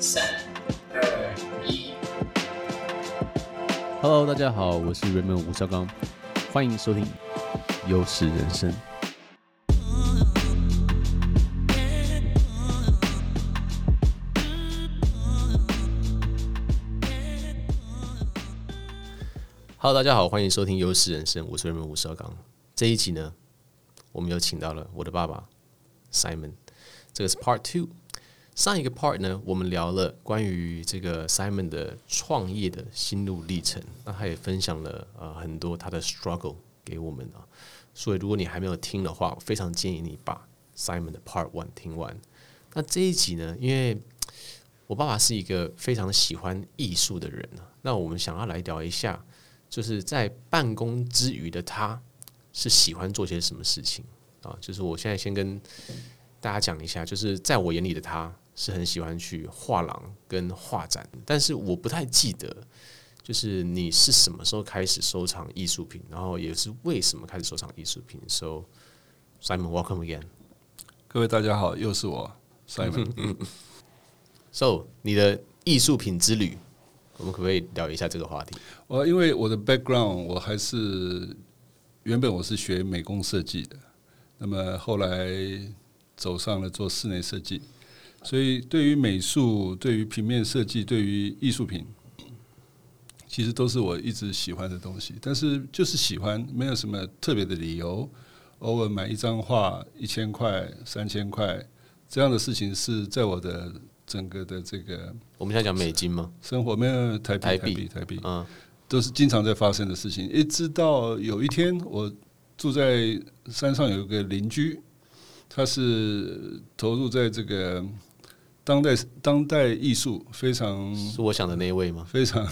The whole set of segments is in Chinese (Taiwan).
三二一哈嘍，Hello, 大家好，我是 Raymond 吳紹剛，歡迎收聽《優勢人生》。哈嘍，大家好，歡迎收聽《優勢人生》，我是 Raymond 吳紹剛。這一集呢，我們又請到了我的爸爸 Simon，這個是 Part Two。上一個 part 呢，我們聊了關於這個 Simon 的創業的心路歷程，那他也分享了、呃、很多他的 struggle 給我們啊。所以如果你還沒有聽的話，我非常建議你把 Simon 的 part one 聽完。那這一集呢，因為我爸爸是一個非常喜歡藝術的人，那我們想要來聊一下，就是在辦公之餘的他是喜歡做些什麼事情啊？就是我現在先跟大家講一下，就是在我眼裡的他是很喜歡去畫廊跟畫展，但是我不太記得，就是你是什麼時候開始收藏藝術品，然後也是為什麼開始收藏藝術品。So Simon, welcome again。各位大家好，又是我 Simon。嗯。So 你的藝術品之旅，我們可不可以聊一下這個話題？我因為我的 background，我還是原本我是學美工設計的，那麼後來。走上了做室內設計，所以對於美術、對於平面設計、對於藝術品，其實都是我一直喜歡的東西。但是就是喜歡，沒有什麼特別的理由。偶爾買一張畫，一千塊、三千塊這樣的事情，是在我的整個的這個我們現在講美金嘛，生活沒有台幣，台幣，台幣，嗯，都是經常在發生的事情。一直到有一天，我住在山上，有一個鄰居。他是投入在這個當代當代藝術非常,非常是我想的那一位嗎？非常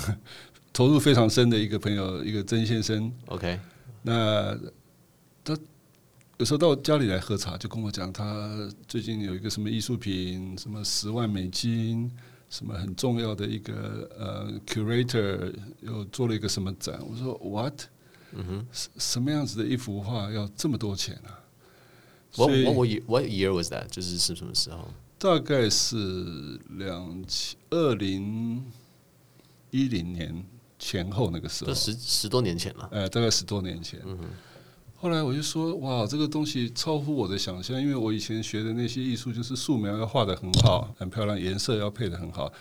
投入非常深的一個朋友，一個曾先生。OK，那他有時候到我家裡來喝茶，就跟我講，他最近有一個什麼藝術品，什麼十萬美金，什麼很重要的一個呃、uh, curator 又做了一個什麼展。我說 What？嗯哼，什什麼樣子的一幅畫要這麼多錢啊？我我我，What year was that？就是是什麼時候？大概是兩千二零一零年前後那個時候，就十十多年前了。呃、嗯，大概十多年前。嗯，後來我就說，哇，這個東西超乎我的想象，因為我以前學的那些藝術，就是素描要畫得很好，很漂亮，顏色要配得很好。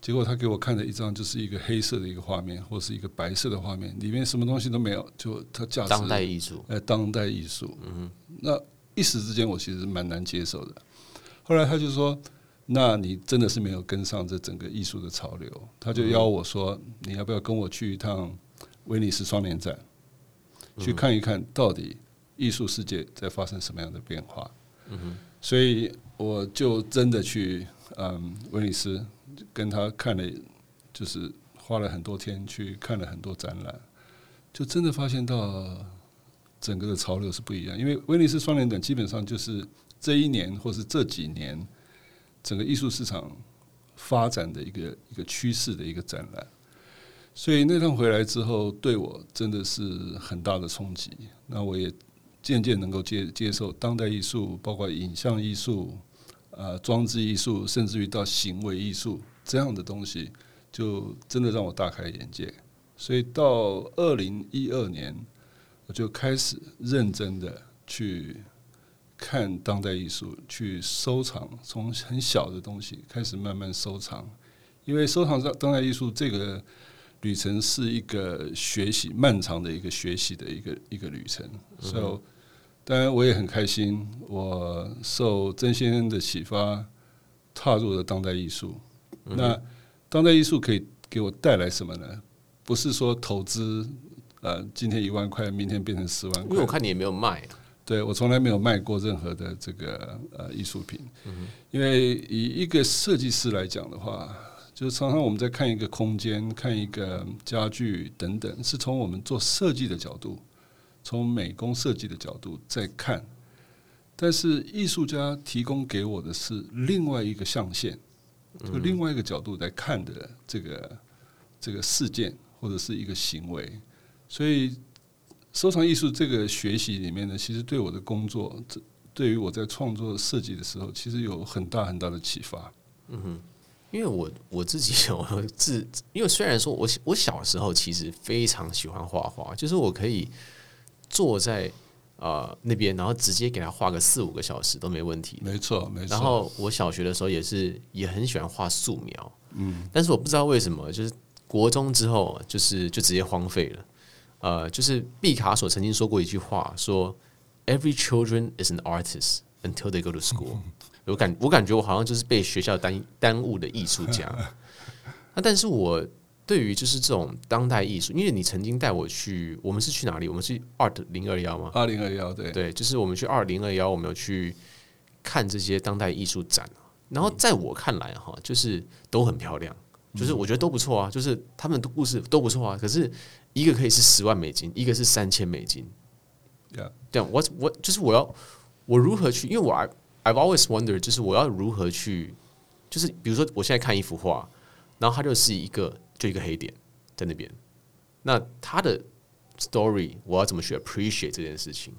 結果他給我看的一張，就是一個黑色的一個畫面，或者是一個白色的畫面，裡面什麼東西都沒有。就它價值當代藝術，哎，當代藝術、呃。嗯，那。一時之間，我其實蠻難接受的。後來他就說：“那你真的是沒有跟上這整個藝術的潮流。”他就邀我說：“你要不要跟我去一趟威尼斯雙年展，去看一看到底藝術世界在發生什麼樣的變化？”嗯、所以我就真的去嗯威尼斯，跟他看了，就是花了很多天去看了很多展覽，就真的發現到。整個的潮流是不一樣的，因為威尼斯雙年展基本上就是這一年或是這幾年整個藝術市場發展的一個一個趨勢的一個展覽，所以那趟回來之後，對我真的是很大的衝擊。那我也漸漸能夠接接受當代藝術，包括影像藝術、啊裝置藝術，甚至於到行為藝術這樣的東西，就真的讓我大開眼界。所以到二零一二年。就開始認真的去看當代藝術，去收藏，從很小的東西開始慢慢收藏。因為收藏在當代藝術這個旅程是一個學習漫長的一個學習的一個一個旅程。嗯、所以當然我也很開心，我受曾先生的啟發踏入了當代藝術、嗯。那當代藝術可以給我帶來什麼呢？不是說投資。呃，今天一萬塊，明天變成十萬塊。因為我看你也沒有賣。對，我從來沒有賣過任何的這個呃藝術品。因為以一個設計師來講的話，就是常常我們在看一個空間、看一個家具等等，是從我們做設計的角度，從美工設計的角度在看。但是藝術家提供給我的是另外一個象限，就另外一個角度來看的這個這個事件或者是一個行為。所以，收藏藝術這個學習裡面呢，其實對我的工作，這對於我在創作設計的時候，其實有很大很大的啟發。嗯哼，因為我我自己有自，因為雖然說我我小時候其實非常喜歡畫畫，就是我可以坐在啊、呃、那邊，然後直接給他畫個四五個小時都沒問題。沒錯，沒錯。然後我小學的時候也是也很喜歡畫素描，嗯，但是我不知道為什麼，就是國中之後，就是就直接荒廢了。呃，就是畢卡索曾經說過一句話，說 “Every children is an artist until they go to school、嗯。”我感我感覺我好像就是被學校耽耽誤的藝術家。那、 啊、但是我對於就是這種當代藝術，因為你曾經帶我去，我們是去哪裡？我們是 Art 零二幺嗎？二零二幺，對對，就是我們去二零二幺，我們有去看這些當代藝術展。然後在我看來哈，就是都很漂亮。就是我覺得都不錯啊，就是他們的故事都不錯啊。可是一個可以是十萬美金，一個是三千美金。對，這樣我我就是我要我如何去？因為我 I've always wondered，就是我要如何去？就是比如說我現在看一幅畫，然後它就是一個就一個黑點在那邊。那它的 story 我要怎麼去 appreciate 這件事情？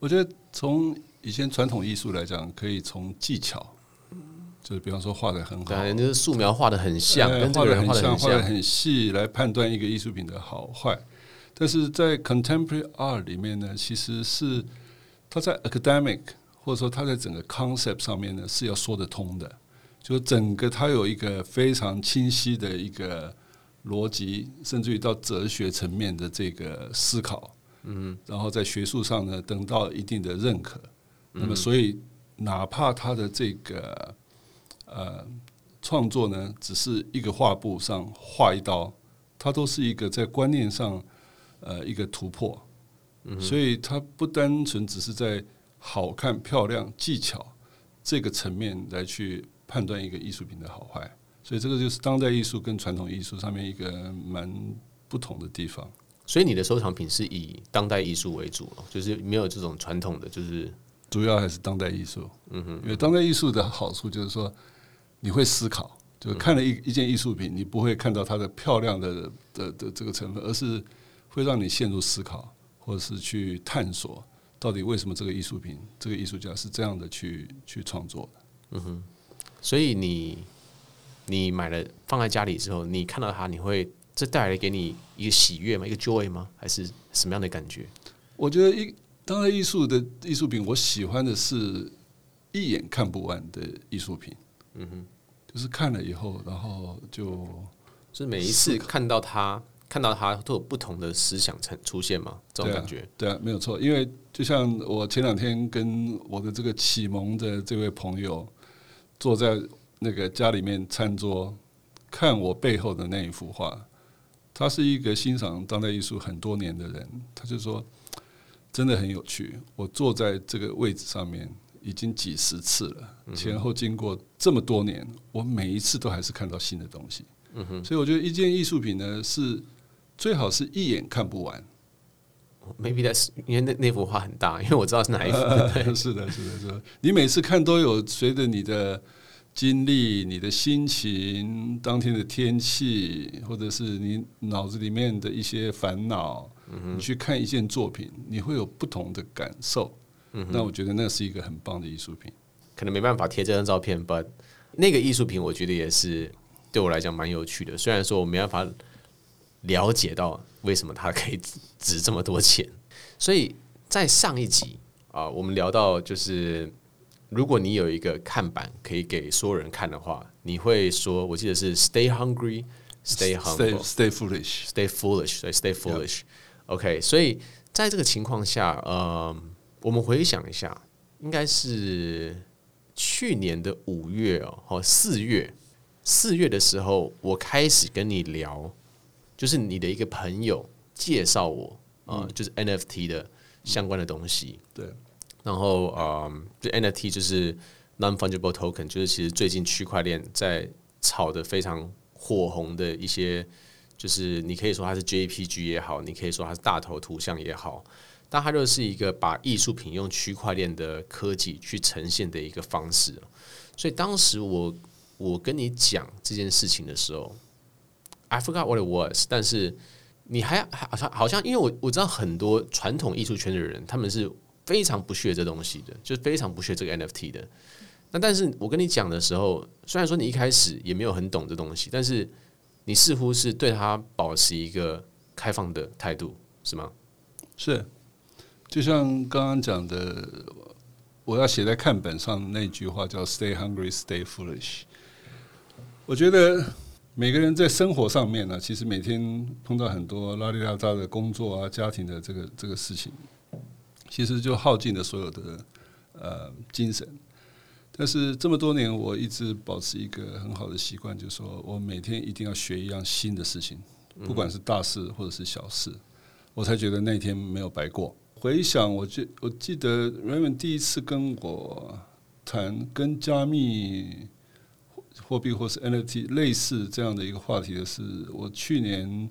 我覺得從以前傳統藝術來講，可以從技巧。就是比方說畫的很好，對、啊，那是、個、素描畫的很，很像，畫的很像，畫的很細，來判斷一個藝術品的好壞。但是在 contemporary art 裡面呢，其實是它在 academic 或者說它在整個 concept 上面呢是要說得通的，就整個它有一個非常清晰的一個邏輯，甚至於到哲學層面的這個思考。嗯，然後在學術上呢，得到一定的認可。嗯、那麼，所以哪怕它的這個，呃，創作呢，只是一個畫布上畫一刀，它都是一個在觀念上呃一個突破，嗯，所以它不單純只是在好看漂亮技巧這個層面來去判斷一個藝術品的好壞，所以這個就是當代藝術跟傳統藝術上面一個蠻不同的地方。所以你的收藏品是以當代藝術為主了，就是沒有這種傳統的，就是主要還是當代藝術。嗯哼，因為當代藝術的好處就是說。你會思考，就是看了一一件藝術品，你不會看到它的漂亮的的的這個成分，而是會讓你陷入思考，或者是去探索到底為什麼這個藝術品、這個藝術家是這樣的去去創作的。嗯哼，所以你你買了放在家裡之後，你看到它，你會這帶來給你一個喜悅嗎？一個 joy 嗎？還是什麼樣的感覺？我覺得一，一當然，藝術的藝術品，我喜歡的是一眼看不完的藝術品。嗯哼，就是看了以後，然後就，是每一次看到他，看到他都有不同的思想才出現嘛，這種感覺，對啊，對啊，沒有錯。因為就像我前兩天跟我的這個啟蒙的這位朋友坐在那個家裡面餐桌看我背後的那一幅畫，他是一個欣賞當代藝術很多年的人，他就說，真的很有趣。我坐在這個位置上面。已經幾十次了，前後經過這麼多年，嗯、我每一次都還是看到新的東西。嗯、所以我覺得一件藝術品呢，是最好是一眼看不完。Maybe that's，因為那那幅畫很大，因為我知道是哪一幅 是。是的，是的，是的。你每次看都有隨着你的經歷、你的心情、當天的天氣，或者是你腦子裡面的一些煩惱、嗯，你去看一件作品，你會有不同的感受。那我覺得那是一個很棒的藝術品，可能沒辦法貼這張照片，但那個藝術品我覺得也是對我來講蠻有趣的。雖然說我沒辦法了解到為什麼它可以值這麼多錢，所以在上一集啊，我們聊到就是如果你有一個看板可以給所有人看的話，你會說，我記得是 Stay hungry, Stay hungry, Stay foolish, Stay foolish, Stay, stay foolish, yep. OK，所以在這個情況下，嗯、呃。我們回想一下，應該是去年的五月哦，四月，四月的時候，我開始跟你聊，就是你的一個朋友介紹我，啊、嗯，就是 NFT 的相關的東西。對、嗯，然後啊、um，就 NFT 就是 Non-Fungible Token，就是其實最近區塊鏈在炒得非常火紅的一些，就是你可以說它是 JPG 也好，你可以說它是大頭圖像也好。那它就是一個把藝術品用區塊鏈的科技去呈現的一個方式，所以當時我我跟你講這件事情的時候，I forgot what it was，但是你還好像好像，因為我我知道很多傳統藝術圈的人，他們是非常不屑這東西的，就是非常不屑這個 NFT 的。那但是我跟你講的時候，雖然說你一開始也沒有很懂這東西，但是你似乎是對它保持一個開放的態度，是嗎？是。就像剛剛講的，我要寫在看本上那句話叫 “Stay hungry, stay foolish”。我覺得每個人在生活上面呢、啊，其實每天碰到很多邋裡邋遢的工作啊、家庭的這個這個事情，其實就耗盡了所有的呃精神。但是這麼多年，我一直保持一個很好的習慣，就是說我每天一定要學一樣新的事情，不管是大事或者是小事，嗯、我才覺得那天沒有白過。回想，我記，我記得 Raymond 第一次跟我談跟加密貨幣或是 NFT 類似這樣的一個話題的是，我去年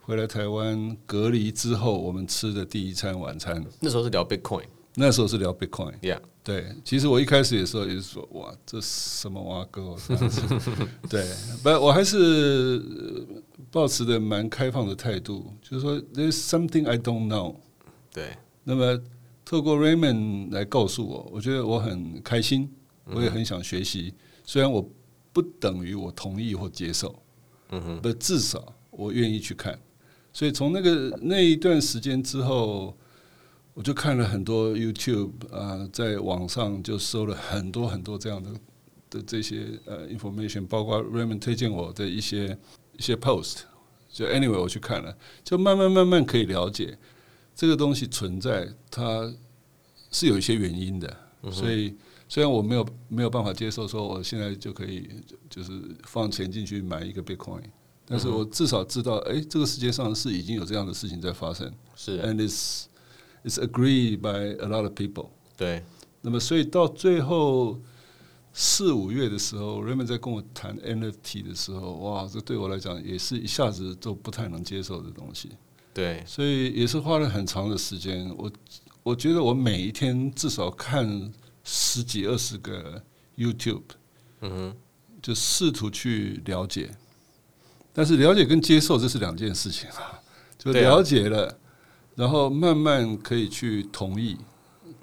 回來台灣隔離之後，我們吃的第一餐晚餐。那時候是聊 Bitcoin，那時候是聊 Bitcoin。Yeah，對，其實我一開始的時候也是說，哇，這什麼玩意兒？ 對，不，我還是抱持的蠻開放的態度，就是說，There's something I don't know。對，那麼透過 Raymond 來告訴我，我覺得我很開心，我也很想學習。嗯、雖然我不等於我同意或接受，嗯哼，但至少我願意去看。所以從那個那一段時間之後，我就看了很多 YouTube 啊、呃，在網上就搜了很多很多這樣的的這些呃 information，包括 Raymond 推薦我的一些一些 post，就 anyway 我去看了，就慢慢慢慢可以了解。這個東西存在，它是有一些原因的，嗯、所以雖然我沒有沒有辦法接受說我現在就可以就是放錢進去買一個 Bitcoin，嗯、但是我至少知道，哎、欸，這個世界上是已經有這樣的事情在發生，是，and it's it's agreed by a lot of people。對，那麼所以到最後四五月的時候，Raymond 在跟我談 NFT 的時候，哇，這對我來講也是一下子都不太能接受的東西。對，所以也是花了很長的時間。我我覺得我每一天至少看十幾二十個 YouTube，嗯哼，就試圖去了解。但是了解跟接受這是兩件事情啊，就了解了，對啊，然後慢慢可以去同意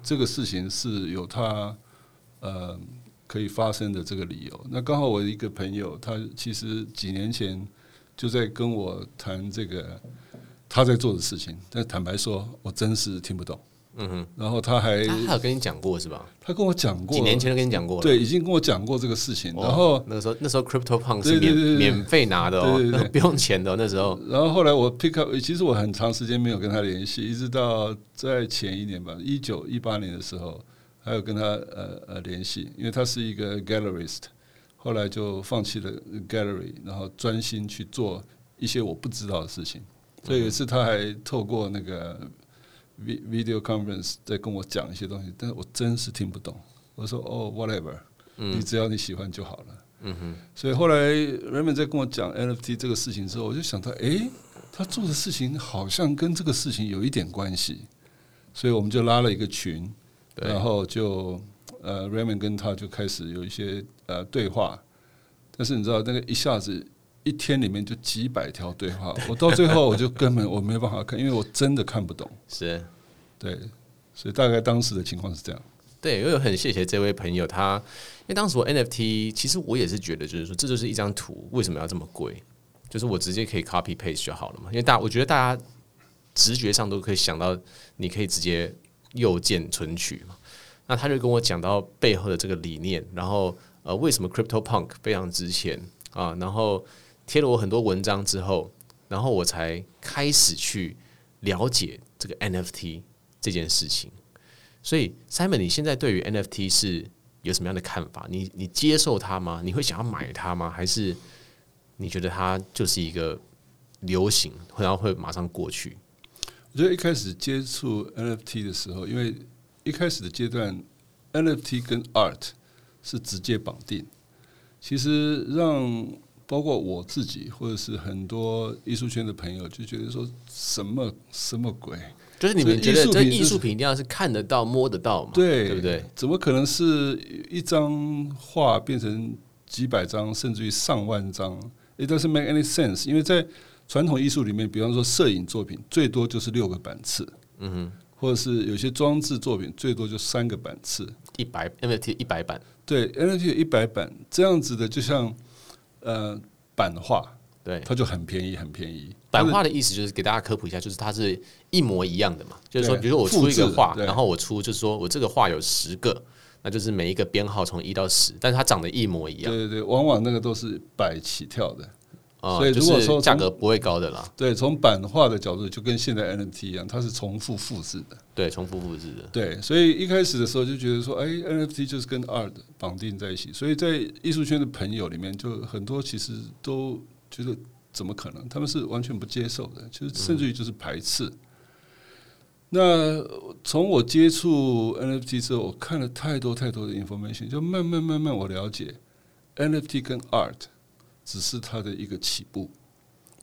這個事情是有它呃可以發生的這個理由。那剛好我一個朋友，他其實幾年前就在跟我談這個。他在做的事情，但坦白說，我真是聽不懂。嗯哼，然後他還他，他有跟你講過是吧？他跟我講過，幾年前都跟你講過了，對，已經跟我講過這個事情。哦、然後、那個、時那時候那時候 CryptoPunk 是免對對對對對免費拿的、哦，對，對，對，對，對，不用錢的、哦、那時候。然後後來我 pick up，其實我很長時間沒有跟他聯繫，嗯、一直到在前一年吧，一九一八年的時候，還有跟他呃呃聯繫，因為他是一個 galleryist，後來就放棄了 gallery，然後專心去做一些我不知道的事情。所以有一次，他還透過那個 video conference 在跟我講一些東西，但是我真是聽不懂。我說、oh：“ 哦，whatever，你只要你喜歡就好了。”所以後來 Raymond 在跟我講 NFT 這個事情之後，我就想到，哎，他做的事情好像跟這個事情有一點關係，所以我們就拉了一個群，然後就呃，Raymond 跟他就開始有一些呃對話，但是你知道那個一下子。一天裡面就幾百條對話，我到最後我就根本我沒辦法看，因為我真的看不懂。 是，對，所以大概當時的情況是這樣。對，因為我很謝謝這位朋友，他因為當時我 NFT，其實我也是覺得，就是說，這就是一張圖，為什麼要這麼貴？就是我直接可以 copy paste 就好了嘛。因為大，我覺得大家直覺上都可以想到，你可以直接右鍵存取嘛。那他就跟我講到背後的這個理念，然後呃，為什麼 Crypto Punk 非常值錢啊？然後貼了我很多文章之後，然後我才開始去了解這個 NFT 這件事情。所以 Simon，你現在對於 NFT 是有什麼樣的看法？你你接受它嗎？你會想要買它嗎？還是你覺得它就是一個流行，然後會馬上過去？我覺得一開始接觸 NFT 的時候，因為一開始的階段，NFT 跟 Art 是直接綁定。其實讓包括我自己，或者是很多藝術圈的朋友，就覺得說什麼什麼鬼？就是你們覺得這藝術品一定要是看得到、摸得到嘛？對，對不對？怎麼可能是一張畫變成幾百張，甚至於上萬張？It doesn't make any sense？因為在傳統藝術裡面，比方說攝影作品，最多就是六個版次，嗯，或者是有些裝置作品，最多就三個版次，一百 NFT 一百版，對 NFT 一百版這樣子的，就像。呃，版畫對，它就很便宜，很便宜。版畫的意思就是給大家科普一下，就是它是一模一樣的嘛。就是說，比如說我出一個畫，然後我出就是說我這個畫有十個，那就是每一個編號從一到十，但是它長得一模一樣。對對對，往往那個都是百起跳的。哦、所以如果說價格不會高的啦，對，從版畫的角度就跟現在 NFT 一樣，它是重複複製的，對，重複複製的，對，所以一開始的時候就覺得說，哎，NFT 就是跟 art 綁定在一起，所以在藝術圈的朋友裡面，就很多其實都覺得怎麼可能，他們是完全不接受的，其實甚至於就是排斥。那從我接觸 NFT 之後，我看了太多太多的 information，就慢慢慢慢我了解 NFT 跟 art。只是它的一個起步，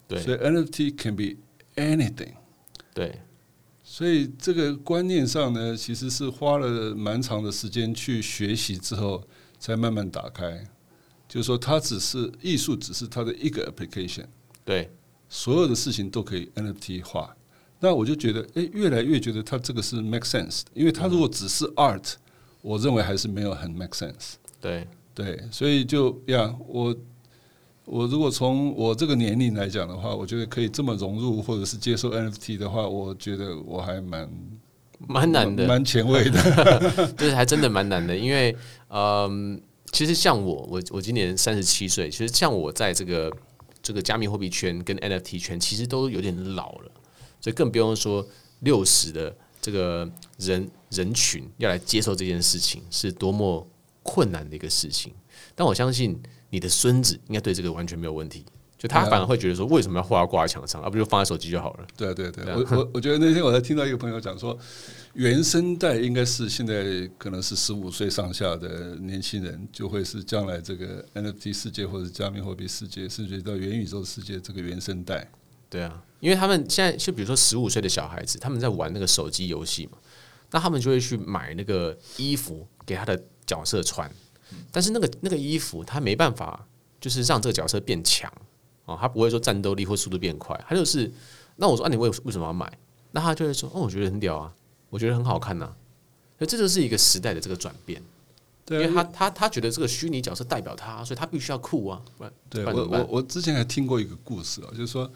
對。所以 NFT can be anything，對。所以這個觀念上呢，其實是花了蠻長的時間去學習之後，才慢慢打開。就是說，它只是藝術，只是它的一個 application，對。所有的事情都可以 NFT 化，那我就覺得，哎，越來越覺得它這個是 make sense。因為它如果只是 art，嗯，我認為還是沒有很 make sense，對。對對，所以就呀，我。我如果從我這個年齡來講的話，我覺得可以這麼融入或者是接受 NFT 的話，我覺得我還蠻蠻難的、嗯，蠻前衛的， 就是還真的蠻難的。因為，嗯，其實像我，我我今年三十七歲，其實像我在這個這個加密貨幣圈跟 NFT 圈，其實都有點老了，所以更不用說六十的這個人人群要來接受這件事情，是多麼困難的一個事情。但我相信。你的孫子應該對這個完全沒有問題，就他反而會覺得說，為什麼要畫掛在牆上啊，而不就放在手機就好了。對啊？對啊、對啊、對啊，我我我覺得那天我才聽到一個朋友講說，原生代應該是現在可能是十五歲上下的年輕人，就會是將來這個 NFT 世界或者加密貨幣世界、甚至到元宇宙世界這個原生代。對啊，因為他們現在就比如說十五歲的小孩子，他們在玩那個手機遊戲嘛，那他們就會去買那個衣服給他的角色穿。但是那個那個衣服，它沒辦法，就是讓這個角色變強啊，他不會說戰鬥力或速度變快，他就是，那我說、啊，那你為為什麼要買？那他就會說，哦，我覺得很屌啊，我覺得很好看吶、啊，所以這就是一個時代的這個轉變，因為他他他，他覺得這個虛擬角色代表他，所以他必須要酷啊，不然怎麼辦？對我我我之前還聽過一個故事啊，就是說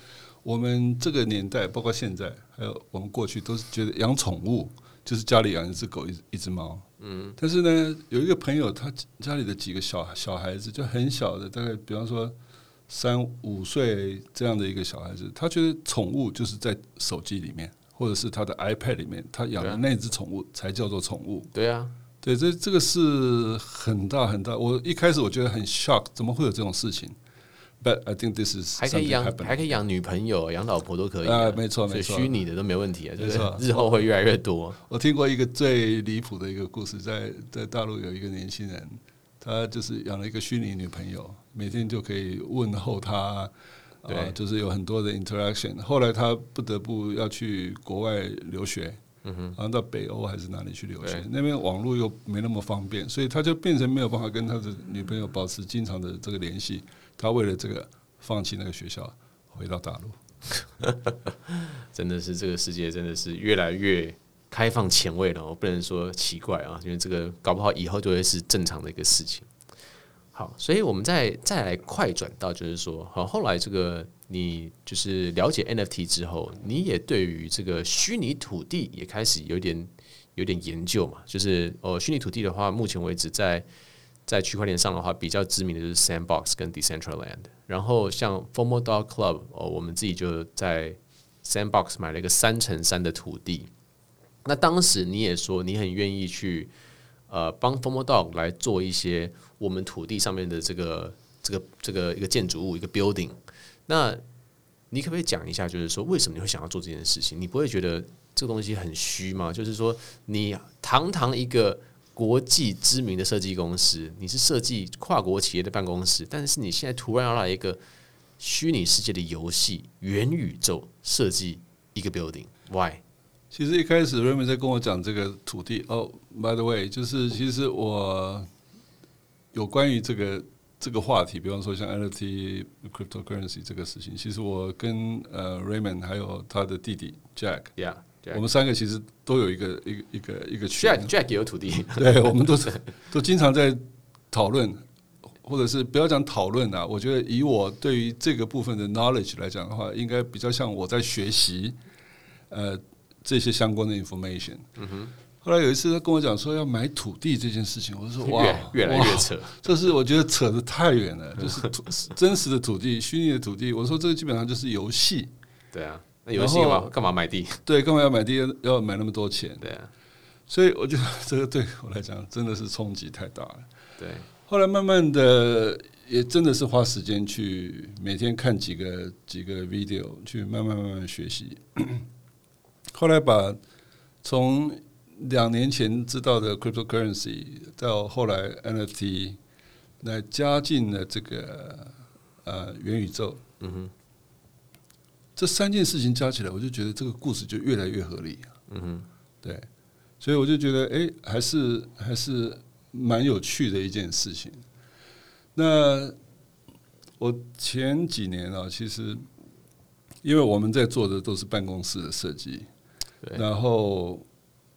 我們這個年代，包括現在，還有我們過去，都是覺得養寵物。就是家裡養一隻狗一，一一隻貓。嗯，但是呢，有一個朋友，他家裡的幾個小小孩子，就很小的，大概比方說三五歲這樣的一個小孩子，他覺得寵物就是在手機裡面，或者是他的 iPad 裡面，他養的那隻寵物才叫做寵物。對啊，對，這這個是很大很大。我一開始我覺得很 shock，怎麼會有這種事情？But I think this is 還可以養，happened. 還可以養女朋友、養老婆都可以啊。啊，沒錯沒錯，虛擬的都沒問題啊，就是日後會越來越多。我聽過一個最離譜的一個故事，在在大陸有一個年輕人，他就是養了一個虛擬女朋友，每天就可以問候她，對、啊，就是有很多的 interaction。後來他不得不要去國外留學。嗯哼，好像到北歐還是哪裡去留學？那邊網絡又沒那麼方便，所以他就變成沒有辦法跟他的女朋友保持經常的這個聯繫。他為了這個，放棄那個學校，回到大陸。 真的是這個世界真的是越來越開放前衛了。我不能說奇怪啊，因為這個搞不好以後就會是正常的一個事情。好，所以我們再再來快轉到就是說，好後來這個。你就是了解 NFT 之後，你也對於這個虛擬土地也開始有點有點研究嘛？就是哦，虛擬土地的話，目前為止在在區塊鏈上的話，比較知名的就是 Sandbox 跟 Decentraland。然後像 FOMO Dog Club，哦，我們自己就在 Sandbox 買了一個三乘三的土地。那當時你也說你很願意去呃幫 FOMO Dog 來做一些我們土地上面的這個這個這個一個建築物一個 building。那，你可不可以講一下，就是說，為什麼你會想要做這件事情？你不會覺得這個東西很虛嗎？就是說，你堂堂一個國際知名的設計公司，你是設計跨國企業的辦公室，但是你現在突然要來一個虛擬世界的遊戲、元宇宙設計一個 building，why？其實一開始 Raymond 在跟我講這個土地哦，oh, By the way，就是其實我有關於這個。這個話題，比方說像 NFT cryptocurrency 這個事情，其實我跟呃 Raymond 還有他的弟弟 Jack, yeah, Jack，我們三個其實都有一個一個一個一個群，Jack Jack 也有土地對，我們都是 都經常在討論，或者是不要講討論啊，我覺得以我對於這個部分的 knowledge 來講的話，應該比較像我在學習、呃、這些相關的 information。Mm-hmm. 後來有一次他跟我講說要買土地這件事情，我就說哇，越來越扯，這是我覺得扯得太遠了，就是土真實的土地、虛擬的土地，我說這個基本上就是遊戲。對啊，那遊戲幹嘛，幹嘛買地？對，幹嘛要買地？要買那麼多錢？對啊，所以我覺得這個對我來講真的是衝擊太大了。對，後來慢慢的也真的是花時間去每天看幾個幾個 video 去慢慢慢慢學習。後來把從兩年前知道的 cryptocurrency，到後來 NFT，來加進了這個呃元宇宙，嗯哼，這三件事情加起來，我就覺得這個故事就越來越合理，嗯哼，對，所以我就覺得，哎，還是還是蠻有趣的一件事情。那我前幾年啊，其實因為我們在做的都是辦公室的設計，然後，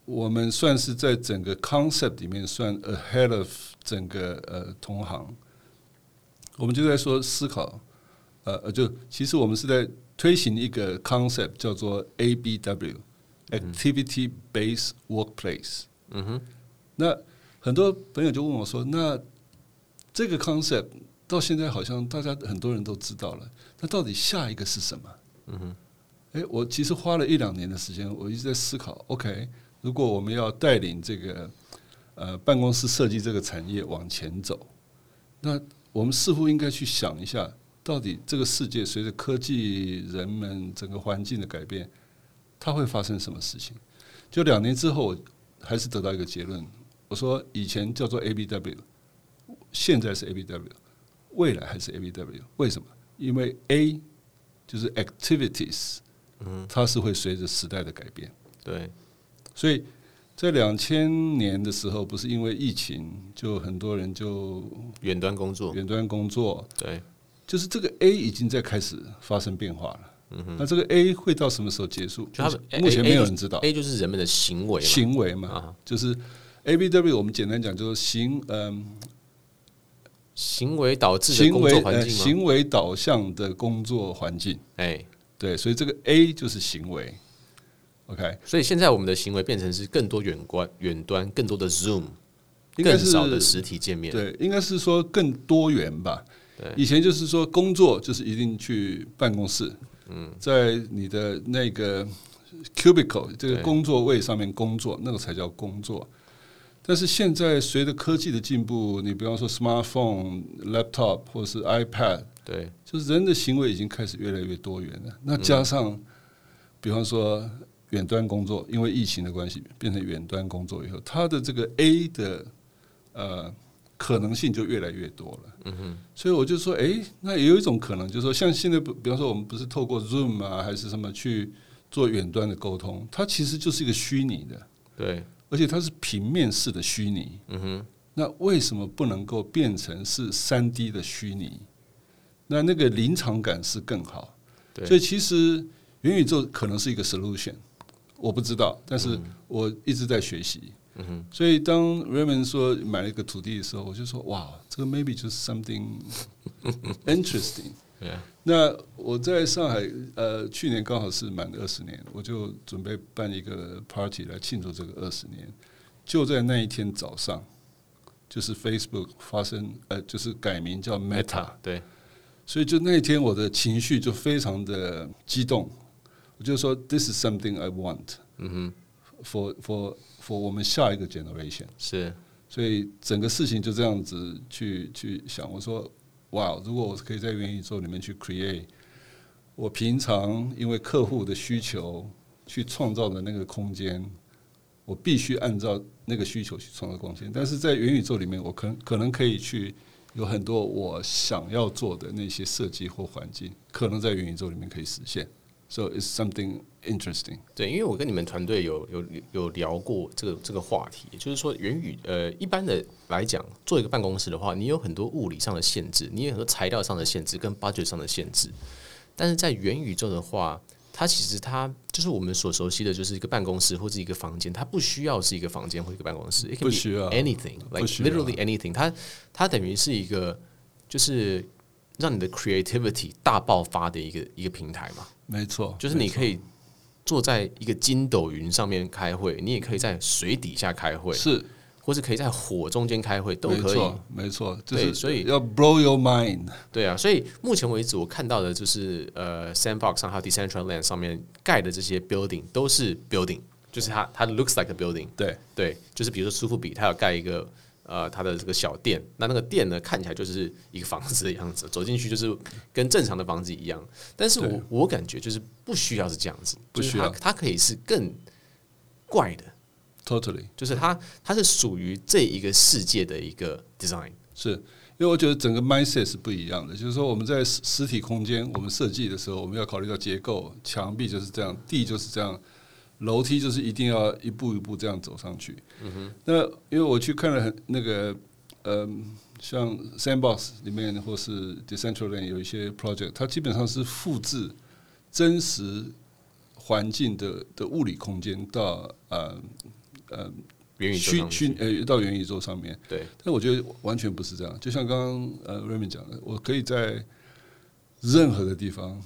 我們算是在整個 concept 裡面算 ahead of 整個呃同行，我們就在說思考，呃呃，就其實我們是在推行一個 concept 叫做 ABW，嗯哼，Activity Based Workplace。嗯哼，那很多朋友就問我說：“那這個 concept 到現在好像大家很多人都知道了，那到底下一個是什麼？”嗯哼，誒，我其實花了一兩年的時間，我一直在思考。OK。如果我們要帶領這個呃辦公室設計這個產業往前走，那我們似乎應該去想一下，到底這個世界隨着科技、人們整個環境的改變，它會發生什麼事情？就兩年之後，我還是得到一個結論。我說以前叫做 ABW，現在是 ABW，未來還是 ABW。為什麼？因為 A 就是 activities，它是會隨着時代的改變。嗯、對。所以，在兩千年的時候，不是因為疫情，就很多人就遠端工作，遠端工作，對，就是這個 A 已經在開始發生變化了。嗯，那這個 A 會到什麼時候結束？就是目前沒有人知道。A, A 就是人們的行為，行為嘛、啊，就是 A B W。我們簡單講，就是行，嗯、呃，行為導致工作環境行，呃、行為導向的工作環境。哎，對，所以這個 A 就是行為。OK，所以現在我們的行為變成是更多遠觀遠端，更多的 Zoom，更少的實體見面。對，應該是說更多元吧。對，以前就是說工作就是一定去辦公室，嗯，在你的那個 cubicle 這個工作位上面工作，那個才叫工作。但是現在隨着科技的進步，你比方說 smartphone、laptop 或者是 iPad，對，就是人的行為已經開始越來越多元了。那加上，比方說。遠端工作，因為疫情的關係變成遠端工作以後，它的這個 A 的呃可能性就越來越多了。嗯哼、所以我就說，哎、欸，那也有一種可能就是說，像現在比比方說我們不是透過 Zoom 啊，還是什麼去做遠端的溝通，它其實就是一個虛擬的，對，而且它是平面式的虛擬，嗯哼。那為什麼不能夠變成是三 D 的虛擬？那那個臨場感是更好。對，所以其實元宇宙可能是一個 solution。我不知道，但是我一直在學習。Mm -hmm. 所以當 Raymond 說買了一個土地的時候，我就說：“哇，這個 maybe 就是 something interesting。 Yeah. ”那我在上海，呃，去年剛好是滿二十年，我就準備辦一個 party 來慶祝這個二十年。就在那一天早上，就是 Facebook 發生，呃，就是改名叫 Meta, Meta。對。所以就那一天，我的情緒就非常的激動。就是說，This is something I want. 嗯哼，for for for 我們下一個 generation 是，所以整個事情就這樣子去去想。我說，哇，如果我可以在元宇宙裡面去 create，我平常因為客戶的需求去創造的那個空間，我必須按照那個需求去創造光線。但是在元宇宙裡面，我可可能可以去有很多我想要做的那些設計或環境，可能在元宇宙裡面可以實現。So it's something interesting. 對，因為我跟你們團隊有有有聊過這個這個話題，就是說元宇呃，一般的來講，做一個辦公室的話，你有很多物理上的限制，你有很多材料上的限制跟 budget 上的限制。但是在元宇宙的話，它其實它就是我們所熟悉的，就是一個辦公室或是一個房間，它不需要是一個房間或一個辦公室，不需要 anything，like literally anything。它它等於是一個就是。讓你的 creativity 大爆發的一個一個平台嘛？沒錯，就是你可以坐在一個筋斗雲上面開會，你也可以在水底下開會，是，或是可以在火中間開會，都可以。沒錯，沒錯，就是、對，所以要 blow your mind。對啊，所以目前為止我看到的就是，呃、uh，Sandbox 上還有 Decentraland 上面蓋的這些 building 都是 building，就是它它 looks like a building 對。對對，就是比如說蘇富比，它有蓋一個。呃，他的這個小店，那那個店呢，看起來就是一個房子的樣子，走進去就是跟正常的房子一樣。但是我我感覺就是不需要是這樣子，不需要，就是它，它可以是更怪的，totally，就是它它是屬於這一個世界的一個 design，是因為我覺得整個 mindset 是不一樣的，就是說我們在實實體空間我們設計的時候，我們要考慮到結構、牆壁就是這樣，地就是這樣。樓梯就是一定要一步一步這樣走上去。嗯、哼。那因為我去看了很那個，嗯、呃，像 Sandbox 裡面或是 Decentraland 有一些 project，它基本上是複製真實環境的的物理空間到呃呃，虛虛呃，元宇宙宇宙去去呃到元宇，宇宙上面。對。但我覺得完全不是這樣，就像剛剛呃 Raymond 講的，我可以在任何的地方。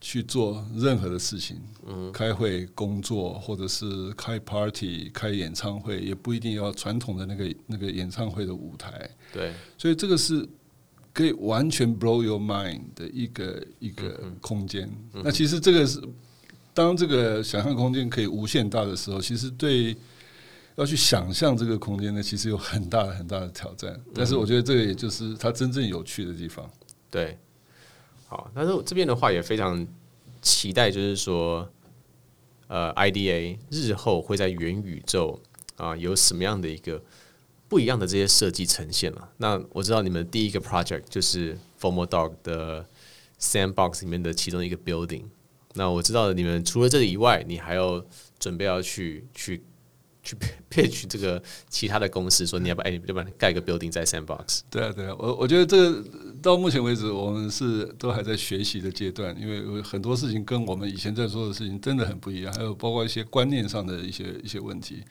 去做任何的事情，嗯，開會、工作，或者是開 party、開演唱會，也不一定要傳統的那個那個演唱會的舞台。對，所以這個是可以完全 blow your mind 的一個一個空間，嗯。那其實這個是當這個想象空間可以無限大的時候，其實對要去想象這個空間呢，其實有很大的很大的挑戰，嗯。但是我覺得這個也就是它真正有趣的地方。對。好，但是這邊的話也非常期待，就是說，呃，IDA 日後會在元宇宙啊，呃，有什麼樣的一個不一樣的這些設計呈現了啊？那我知道你們第一個 project 就是 Formal Dog 的 sandbox 裡面的其中一個 building。那我知道你們除了這個以外，你還要準備要去去。去配配 t 這個其他的公司，說你要不，哎，欸，你要不然蓋個 building 在 sandbox？對啊，對啊，我我覺得這個到目前為止，我們是都還在學習的階段，因為有很多事情跟我們以前在做的事情真的很不一樣，還有包括一些觀念上的一些一些問題。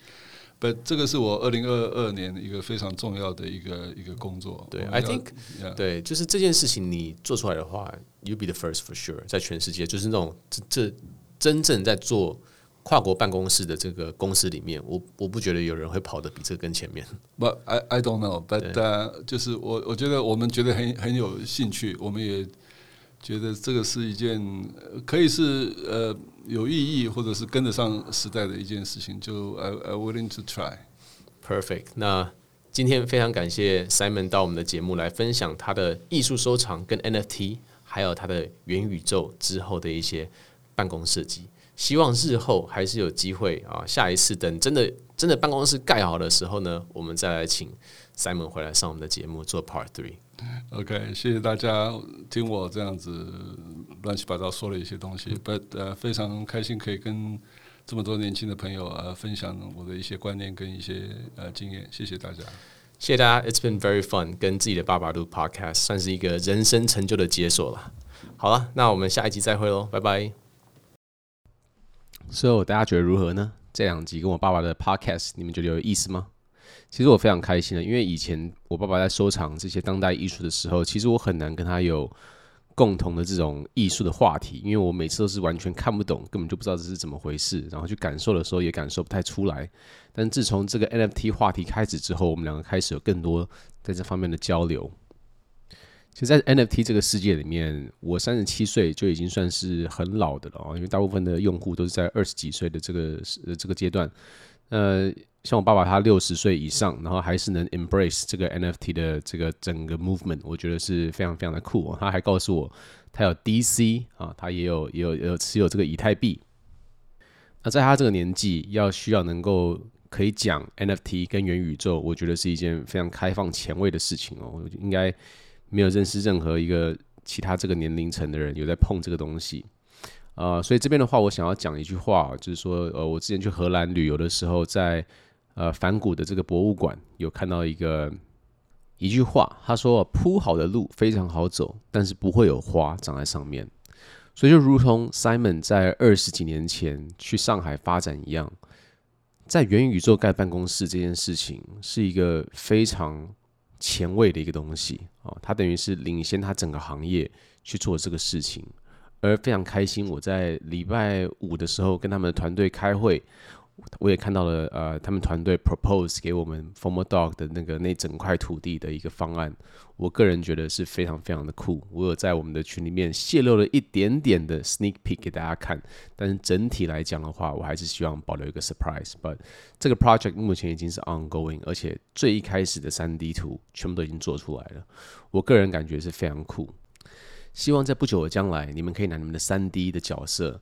不，這個是我二零二二年一個非常重要的一個一個工作。對，I think、yeah. 對，就是這件事情你做出來的話，You be the first for sure，在全世界，就是那種這這真正在做。跨國辦公室的這個公司裡面，我我不覺得有人會跑得比這更前面。But，I I don't know，but, uh, that 就是我我覺得我們覺得很很有興趣，我們也覺得這個是一件可以是呃有意義或者是跟得上時代的一件事情。就 I I willing to try。Perfect。那今天非常感謝 Simon 到我們的節目來分享他的藝術收藏跟 NFT，還有他的元宇宙之後的一些辦公設計。希望日後還是有機會啊！下一次等真的真的辦公室蓋好的時候呢，我們再來請 Simon 回來上我們的節目做 Part Three。OK，謝謝大家聽我這樣子亂七八糟說了一些東西，mm.，but 呃非常開心可以跟這麼多年輕的朋友呃分享我的一些觀念跟一些呃經驗。謝謝大家，謝謝大家。It's been very fun 跟自己的爸爸錄 Podcast，算是一個人生成就的解鎖了。好了，那我們下一集再會嘍，拜拜。所以大家覺得如何呢？這兩集跟我爸爸的 podcast，你們覺得有意思嗎？其實我非常開心的，因為以前我爸爸在收藏這些當代藝術的時候，其實我很難跟他有共同的這種藝術的話題，因為我每次都是完全看不懂，根本就不知道這是怎麼回事，然後去感受的時候也感受不太出來。但自從這個 NFT 話題開始之後，我們兩個開始有更多在這方面的交流。其實，在 NFT 這個世界裡面，我三十七歲就已經算是很老的了啊。因為大部分的用戶都是在二十幾歲的這個呃這個階段。呃，像我爸爸他六十歲以上，然後還是能 embrace 這個 NFT 的這個整個 movement，我覺得是非常非常的酷哦。他還告訴我，他有 DC 啊，他也有也有也有持有這個以太幣。那在他這個年紀，要需要能夠可以講 NFT 跟元宇宙，我覺得是一件非常開放前衛的事情哦。我覺得應該。沒有認識任何一個其他這個年齡層的人有在碰這個東西，啊、呃，所以這邊的話，我想要講一句話，就是說，呃，我之前去荷蘭旅遊的時候在，在呃梵谷的這個博物館有看到一個一句話，他說：“鋪好的路非常好走，但是不會有花長在上面。”所以就如同 Simon 在二十幾年前去上海發展一樣，在元宇宙蓋辦公室這件事情是一個非常。前衛的一個東西哦，他等於是領先他整個行業去做這個事情，而非常開心。我在禮拜五的時候跟他們的團隊開會。我也看到了，呃，他們團隊 propose 給我們 Forma Dog 的那個那整塊土地的一個方案，我個人覺得是非常非常的酷。我有在我們的群裡面洩露了一點點的 sneak peek 給大家看，但是整體來講的話，我還是希望保留一個 surprise。But 這個 project 目前已經是 ongoing，而且最一開始的三 D 圖全部都已經做出來了。我個人感覺是非常酷，希望在不久的將來，你們可以拿你們的三 D 的角色。